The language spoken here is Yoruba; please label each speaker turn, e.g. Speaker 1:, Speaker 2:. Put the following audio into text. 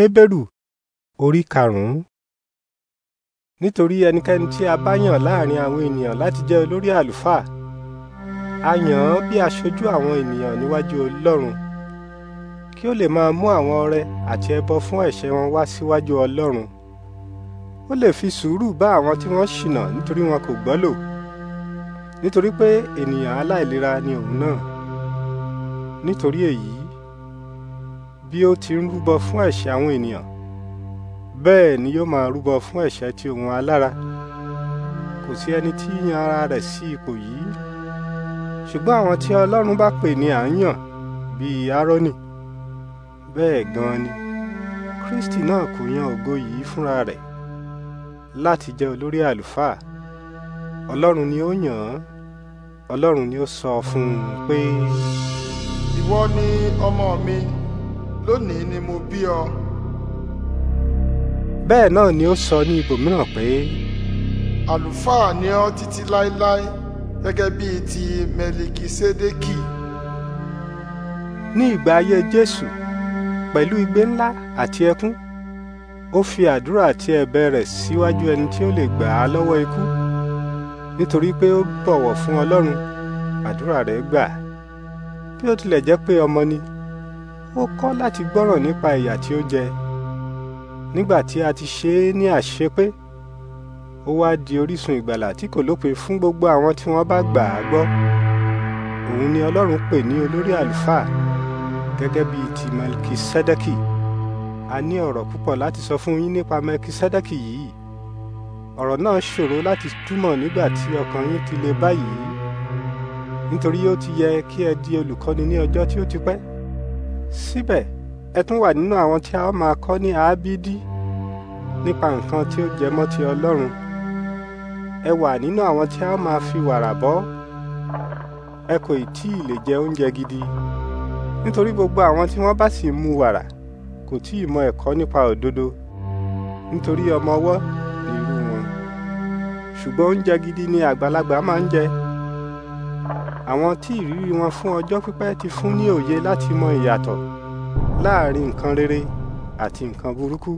Speaker 1: Hébérù orí karùn-ún. Nítorí ẹnikẹ́ni tí a bá yàn láàrin àwọn ènìyàn láti jẹ́ olórí àlùfáà, a yàn án bí aṣojú àwọn ènìyàn níwájú Ọlọ́run, kí ó lè máa mú àwọn ọrẹ àti ẹbọ fún ẹ̀ṣẹ̀ wọn wá síwájú Ọlọ́run. Ó lè fi sùúrù bá àwọn tí wọ́n ṣìnà nítorí wọn kò gbọ́ lò, nítorí pé ènìyàn aláìlera ni òun náà. Nítorí èyí, bí ó ti ń rúbọ fún ẹ̀ṣẹ̀ àwọn ènìyàn bẹ́ẹ̀ ni yóò máa rúbọ fún ẹ̀ṣẹ̀ ti òun alára kò sí ẹni tí yan ara rẹ̀ sí ipò yìí ṣùgbọ́n àwọn tí Ọlọ́run bá pè ní à ń yàn bíi Árónì bẹ́ẹ̀ gan-an ni Kristi náà kò yan ògo yìí fúnra rẹ̀ láti jẹ́ olórí àlùfáà Ọlọ́run ni ó yàn án Ọlọ́run ni ó sọ fún un pé. ìwọ ni ọmọ mi lónìí ni mo bí ọ. bẹ́ẹ̀ náà ni ó sọ ní ibòmíràn pé. àlùfáà ni ọ títí láéláé gẹ́gẹ́ bíi ti mẹlikisédékì. ní ìgbà ayé jésù pẹ̀lú igbe ńlá àti ẹkún ó fi àdúrà àti ẹ̀bẹ̀ rẹ̀ síwájú ẹni tí ó lè gbà á lọ́wọ́ ikú nítorí pé ó bọ̀wọ̀ fún ọlọ́run àdúrà rẹ̀ gbà bí ó tilẹ̀ jẹ́ pé ọmọ ni ó kọ́ láti gbọ́rọ̀ nípa ìyà tí ó jẹ nígbà tí a ti ṣe é ní àṣepé ó wá di orísun ìgbàlà tí kò lópin fún gbogbo àwọn tí wọ́n bá gbà á gbọ́ òun ni ọlọ́run pè ní olórí àlùfáà gẹ́gẹ́ bíi ti melkisedeki a ní ọ̀rọ̀ púpọ̀ láti sọ fún yín nípa melkisedeki yìí ọ̀rọ̀ náà ṣòro láti túmọ̀ nígbà tí ọkàn yín ti le báyìí nítorí ó ti yẹ kí ẹ di olùkọ́ni ní ọjọ́ tí ó ti pẹ́ síbẹ̀ ẹ tún wà nínú àwọn tí a ó máa kọ́ ní àábídí nípa nǹkan tí ó jẹmọ́ ti Ọlọ́run ẹ wà nínú àwọn tí a ó máa fi wàrà bọ́ ẹ kò ì tí ì lè jẹ oúnjẹ gidi nítorí gbogbo àwọn tí wọ́n bá sì mu wàrà kò tí ì mọ ẹ̀kọ́ nípa òdodo nítorí ọmọ ọwọ́ ni irú wọn ṣùgbọ́n oúnjẹ gidi ni àgbàlagbà máa ń jẹ àwọn tí ìrírí wọn fún ọjọ́ pípẹ́ ti fún ní òye láti mọ ìyàtọ̀ láàrin nǹkan rere àti nǹkan burúkú